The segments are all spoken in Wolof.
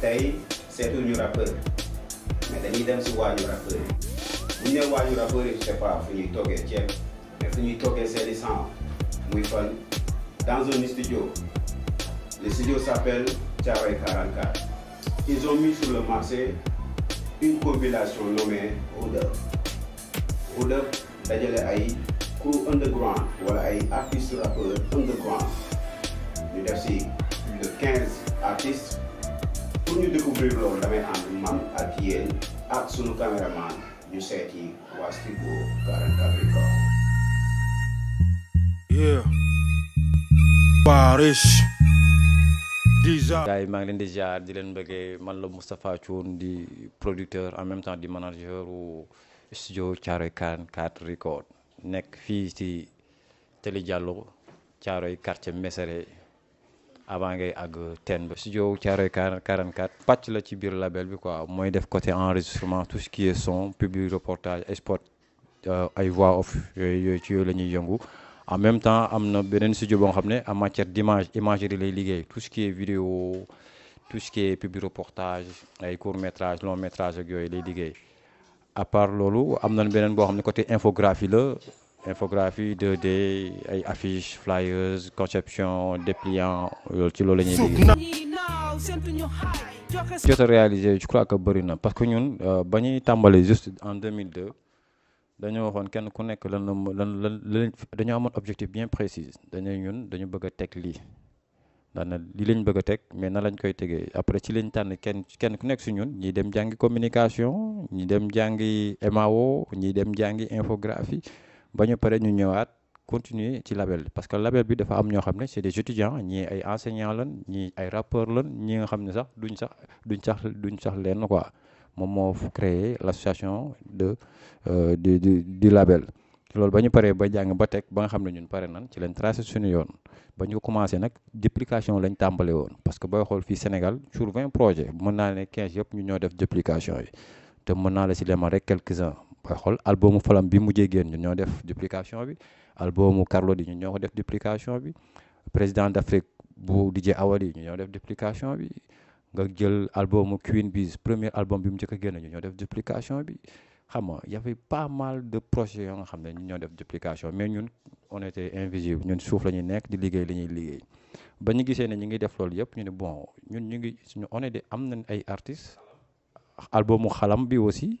tey seetuñu rappeur mais dañuy dem si waañu rappeur yi bu ñu nee rappeur yi je sais pas fu ñuy toggee ceeb mais fu ñuy c'est seeni sang muy fan dans un studio le studio s'appelle Thiaroye 44 ils ont mis sur le marché une compilation nommée Hood Up d'ailleurs, Up dajale ay crew underground ou un artiste rappeur underground Il y a plus de quinze artistes pour ñu découvrir ah, maa ngi leen di jaar di leen bëggee man la Moustapha di producteur en même temps di manager wu studio Thiaroye 44 Records nekk fii ci Télé Diallo Thiaroye quartier Mesere. avant ngay ag ten bi. studio Thiaroye 44 patch la ci bir label bi quoi moy def côté enregistrement tout ce qui est son public reportage sport, spot euh, ay voix off yooyu ci en même temps amna benen studio bo xamné en matière d'image imagerie lay liggéey tout ce qui est vidéo tout ce qui est public reportage ay court métrage long métrage ak lay à part lolu amna benen bo xamné côté infographie la infographie 2D affiches, flyers conception dépliant tout réalisé je crois que parce que nous, euh, juste en 2002 nous objectif bien précis Nous bëgg mais na lañ après ci kenn kenn ku nekk nous, ñun ñi communication ñi dem MAO ñi dem infographie bañu paré ñu ñëwaat continuer ci label parce que label bi dafa am ñoo xamné c'est des étudiants ñi ay enseignants lan ñi ay rappeurs lan ñi nga xamné sax duñ sax duñ sax duñ sax lén quoi mom mo créé l'association de euh, du du du label. loolu bañu paré ba jang ba tek ba nga xamné ñun paré nan ci lén tracer suñu yoon bañu commencé nak duplication lañ tambalé won parce que boy xol fi Sénégal sur 20 projets mën na né quinze yëpp ñu ñoo def duplication yi te mën naa la si lemal rek quelques-uns booy albumu Falam bi mu génn ñu ñoo def duplication bi albumu Carlo di ñu ñoo ko def duplication bi président d'Afrique bu DJ Awadi ñu ñoo def duplication bi nga jël albumu Queen Biz premier album bi mu njëkk ñu ñoo def duplication bi xam nga y avait pas mal de projets yo nga xam ne ñu ñoo def duplication mais ñun on était invisible ñun suuf lañuy nekk di liggéey lañuy liggéey ba ñu gisee ne ñu ngi def loolu yëpp ñu ne bon ñun ñu ngi suñu on est am nañ ay artistes albumu xalam bi aussi.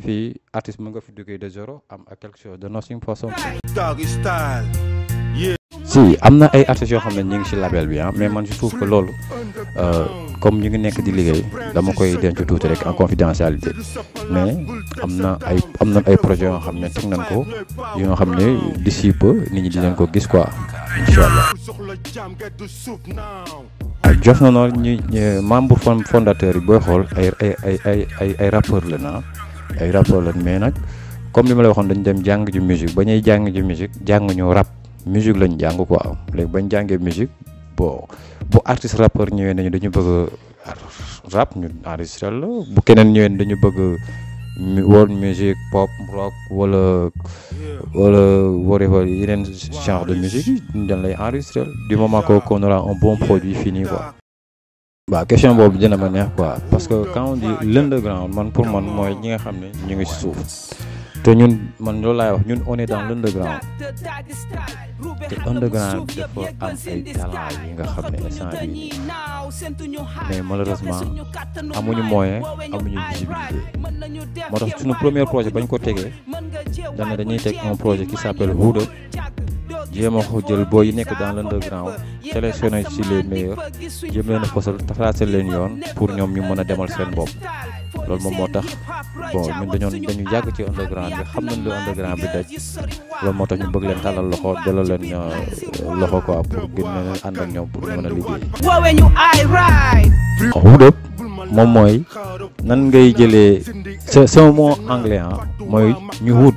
fii artiste mu nga fi duggee de zéro am ak quelque chose de nothing for something si am na ay artistes yoo xam ne ñu ngi ci label bi ah mais man je trouve que loolu euh, comme ñu ngi nekk di liggéey dama koy denc tuuti rek en confidentialité mais am na ay am na ay projets yoo xam ne teg nañ ko yoo xam ne d'ici peu nit ñi dinañ ko gis quoi incha allah. Ah, jof na noonu ñi membre fondateur yi booy xool ay ay ay ay ay rappeurs la naa. Ah. ay rappeurs lañ mais nag comme li ma la waxoon dañ dem jàng ji musique ba ñuy jàng ji musique jànguñu rap musique lañ jàng quoi léegi bañ jàngee musique bon bu artiste rappeur ñëwee nañu dañu bëgg rap ñu enregistré la bu keneen ñëwee dañu bëgg world music pop rock wala wala whatever yeneen genre de musique dañ lay enregistré du moment que qu'on un bon produit fini quoi. waaw question boobu dina ma neex quoi parce que quand on dit l'underground man pour man mooy ñi nga xam ne ñu ngi si suuf te ñun man loolu laay wax ñun on est dans l'underground te underground dafa am ay talent yi nga xam ne instant bii mais malheureusement amuñu moyen amuñu visibilité moo tax suñu premier projet bañ ko tegee dana dañuy teg un projet ki s'appelle Hood Up jéem a jël booy yi nekk dans l'underground sélectionné ci les meilleurs jéem leen a posal tracé leen yoon pour ñu demal seen bopp loolu moom moo tax bon ñun dañoon dañu yàgg ci underground bi xam nañ lu underground bi daj loolu moo tax ñu bëgg leen tàllal loxo dalal leen euh, loxo quoi pour gën leen ànd ak pour a liggéey. Oh, hold up nan ngay jëlee c'est un mot anglais ah mooy ñu wut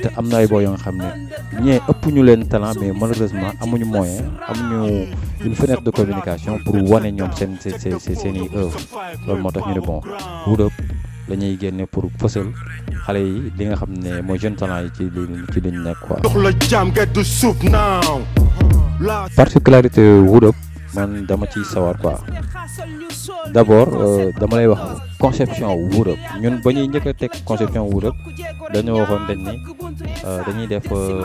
te am na ay boo yoo nga xam ne ñee ëpp ñu leen talent mais malheureusement amuñu moyen amuñu une fenêtre de communication pour wane ñoom seen seen seen i œuvre loolu moo tax ñu ne bon Wood Up la génne pour fësal xale yi li nga xam ne mooy jeune talent yi ci liñ ci liñ nekk quoi particularité Wood Up man dama ciy sawar quoi d' abord euh, dama lay wax conception Word Up ñun ba ñuy njëkk a teg conception Word Up dañoo waxoon dañ ni euh, dañuy def. Euh,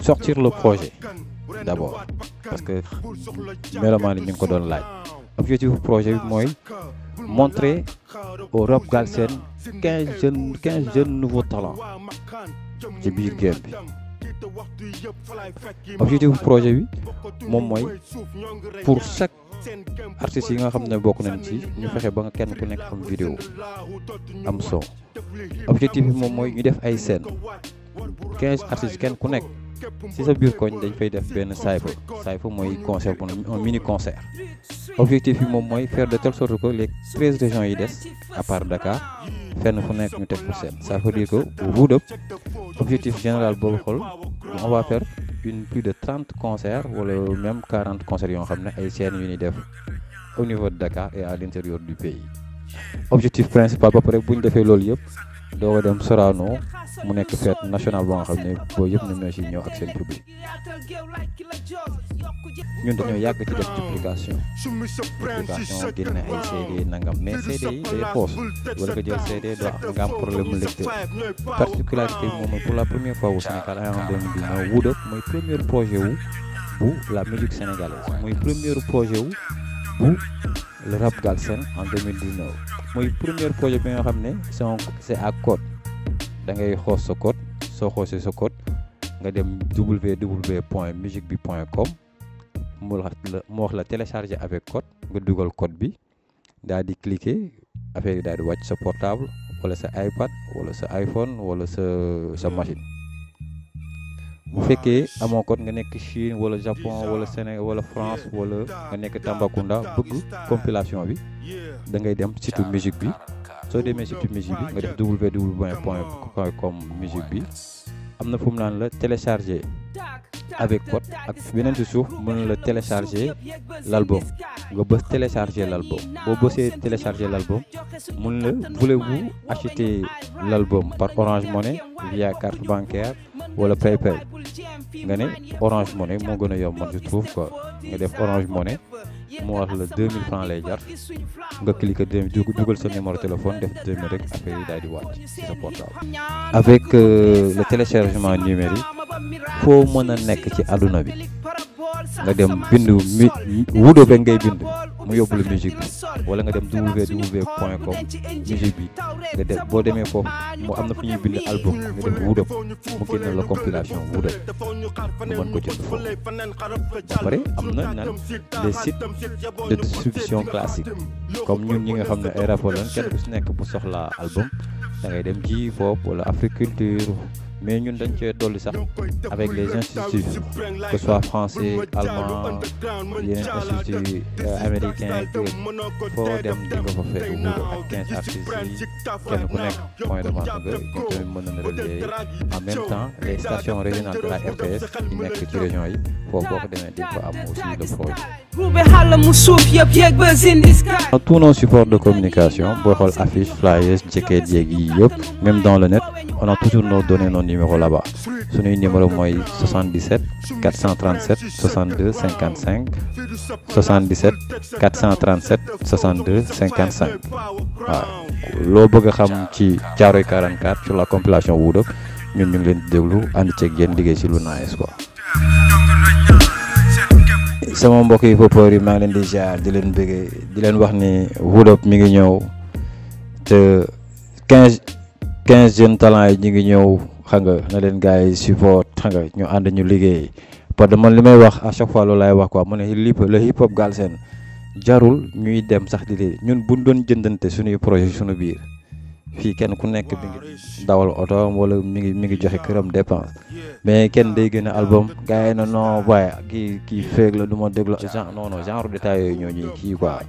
sortir le projet d'abord parce que mélomane ñu ngi ko doon laaj objectif projet moi montrer au rap galsen 15 jeunes 15 jeunes nouveaux talents ci biir game bi objectif projet bi pour chaque artiste yi nga xam ne nañ ci ñu fexé ba nga kenn ku nekk am vidéo am son objectif moi moom ñu def ay scène 15 artistes kenn ku nekk c'est ça le but quand fait un un mini-concert. L'objectif est de faire de telle sorte que les 13 régions gens à part Dakar, faire une fenêtre pour scène. Ça veut dire que l'objectif général, on va faire plus de 30 concerts, ou même 40 concerts, on va faire à l'UNIDEF au niveau de Dakar et à l'intérieur du pays. L'objectif principal, c'est de faire l'olive. doga dem Sorano mu nekk fête nationale bo nga xam ne boo yëpp ñoom ñoo si ñëw ak seen public ñun dañoo yàgg ci def duplication duplication génn ay CD nangam mais CD yi day xoos wala nga jël CD doo xam nga am problème lecteur particularité moom pour la première fois au Sénégal en 2019 Wood Up mooy premier projet wu bu la musique sénégalaise mooy premier projet wu bu la rap Galsen en 2019 muy premier projet bi nga xam ne c'est à code da ngay xoos sa code soo xoosee sa code nga dem www point musique bi point com mu wax la mu wax la télécharger avec code nga dugal code bi daal di cliquer affaire yi daal di wàcc sa portable wala sa iPad wala sa iPhone wala sa sa machine. bu fekkee amoo nga nekk Chine wala Japon wala Sénégal wala France wala nga nekk Tambacounda bëgg compilation bi da ngay dem site musique bi soo demee site musique bi nga def musique télécharger avec quoi ak télécharger l'album nga pouvez télécharger l'album télécharger l'album vous acheter l'album par Orange Money via carte bancaire wala PayPal nga Orange Money je trouve Orange Money 2000 francs jar cliquer dem sa numéro téléphone def 2000 portable. avec euh, le téléchargement numérique. foo mën a nekk ci àdduna bi nga dem bind mi wudo be ngay bind mu yóbbu la musique bi wala nga dem www point com musique bi nga dem boo demee foofu mu am na fu ñuy bind album mu génne la compilation wudo nga mën ko jënd foofu ba pare am na naan des sites de distribution classique comme ñun ñi nga xam ne ay rapport lañ kenn ku si nekk bu soxlaa album da ngay dem ji foofu wala Africulture mais ñun dañ cee ça sax avec les institutions, que ce soit français allemand yeneen instituts euh, américain pour foo il faut nga fa faire wuutu ak 15 artistes qui nous ku nekk point de vente nga ñu tamit en même temps les stations régionales de la RTS yi nekk ci région yi faut boo ko demee di fa am aussi le tous nos supports de communication pour les affiche flyers jacket yeeg même dans le net on a toujours nos données non numéro là-bas suñuy numéro mooy 77 437 62 55 77 437 loo bëgg xam ci Thiaroye 44 sur la compilation Woudak ñun ñu ngi leen di déglu ànd ceeg yéen liggéey si lu naayes quoi. sama mbokk yi popor yi maa leen di jaar di leen bëggee di leen wax ni Woudak mi ngi ñëw te 15 15 jeunes yi ñu ngi ñëw. xam nga na leen gars yi support xam nga ñu ànd ñu liggéey parce que man li may wax à chaque fois loolu laay wax quoi mu ne hip le hip hop Galsen jarul ñuy dem sax di lii ñun buñ doon jëndante suñuy projet sunu biir fii kenn ku nekk mi ngi dawal oto wala mu ngi mi ngi joxe këram dépense mais kenn day gën a album gars yi na non waaye kii kii feeg la du ma déglu genre non genre détail yooyu ñoo ñuy kii quoi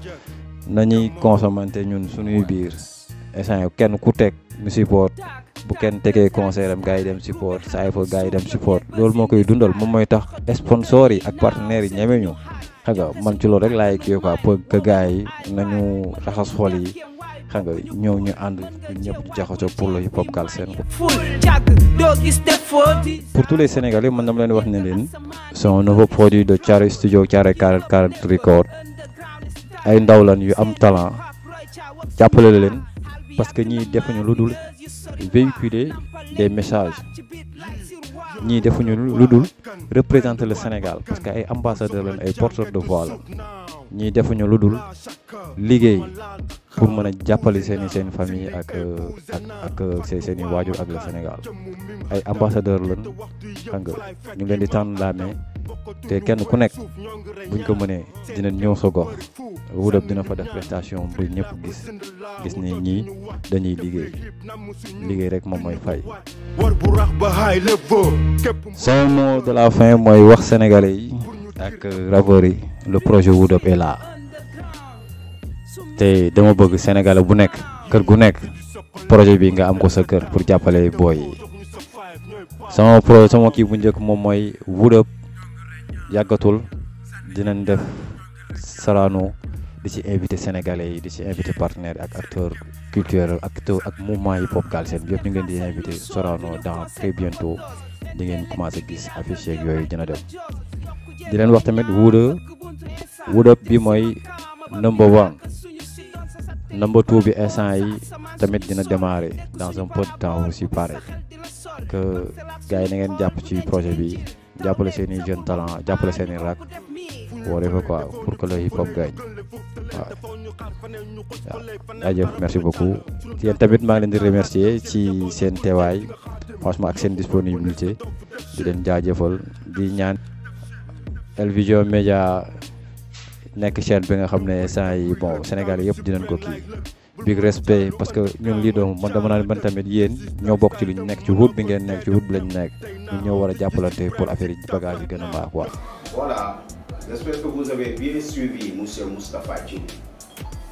nañuy consommante ñun suñuy biir instant kenn ku teg mu support bu kenn tegee concert am gars yi dem support saa yi foofu gars yi dem support loolu moo koy dundal moom mooy tax sponsor yi ak partenaires yi ñeme ñu xam man ci loolu rek laay kii quoi pour que gars yi nañu raxas xool yi xam nga ñëw ñu ànd ñëpp di jaxasoo pour le hip hop galsen quoi. pour tous les sénégalais man dama leen wax ne leen. c'est un nouveau produit de Thiaroye Studio Thiaroye 44 Record ay ndaw lan yu am talent jàppale leen parce que ñii defuñu lu dul. véhiculer des messages Ni défendu l'udul représenter le Sénégal parce que ay ambassadeur et ay porteur de voix Ni défendu l'udul lu pour mener a jàppale seen famille ak ak ak seen i waajur ak le Sénégal ay ambassadeur lañ xam nga ñu ngi leen di la main té kenn ku nek buñ ko mëné dina ñëw sa gox dina fa def prestation bu ñëpp gis gis ni ñi dañuy liggéey liggéey rek mom moy fay. son mot de la fin moy wax sénégalais yi ak rappeurs yi le projet Wouldeup est là té dama bëgg sénégalais bu nek kër gu nek projet bi nga am ko sa kër pour jappalé boy sama projet sama ki bu njëkk mom moy Wouldeup yàggatul dinañ def Sorano di ci invité sénégalais yi di ci invité partenaire ak acteur culturel acteur ak mouvement hip hop Galsen yëpp ñu ngi leen di invité Sorano dans très bientôt di ngeen commencé gis affiche yeeg yooyu dina def di leen wax tamit wuuda wuuda bi mooy number one number two bi instant yi tamit dina démarrer dans un peu de temps aussi pareil que gars yi na ngeen jàpp ci projet bi jàppale seen i jeune talent ah, jàppale seen rak whatever quoi pour que le hip hop gagne ah. waaw ya, ya, waaw jaajëf merci beaucoup yéen tamit maa ngi leen di remercier ci seen teewaay franchement ak seen disponibilité di leen jaajëfal di ñaan El Vision Média nekk chaîne bi nga ne bon Sénégal yëpp dinañ ko big respect parce que ñun lii doom man dama naan man tamit yéen ñoo bokk ci li ñu nekk ci wut bi ngeen nekk ci wut bi lañ nekk ñoo pour affaire yi bagage yi quoi. voilà j'espère que vous avez bien suivi monsieur Mustapha.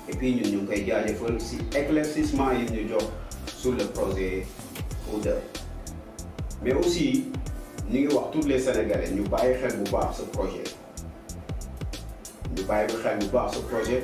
et puis ñun ñu ngi koy si éclaircissement yi ñu jox sur le projet ODER mais aussi ñu ngi wax tous les sénégalais ñu bàyyi xel bu baax ce projet ñu xel bu baax ce projet.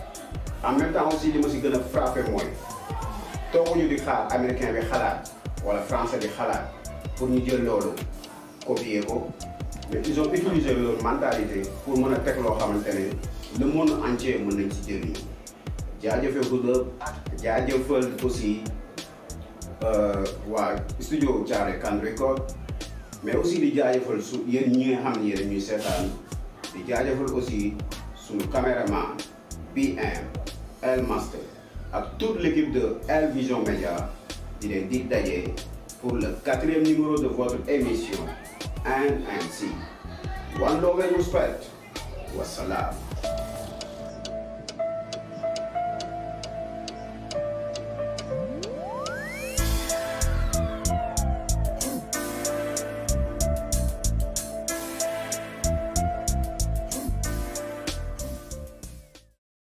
en même temps aussi les musiques gagnent frapper moins tant qu'on est des chars américains des chars ou les français des chars pour nous dire leur copier mais ils ont utilisé leur mentalité pour mon technologie maintenant le monde entier mon étudiant j'ai déjà fait Google j'ai déjà fait aussi ouais euh, studio j'ai can record mais aussi les gars ils font ils nient hamnier ils nient certains les gars ils font aussi sur le caméraman PM, L Master à toute l'équipe de L Vision Media. Il est dit d'ailleurs pour le quatrième numéro de votre émission NNC. One love and respect. Wassalam.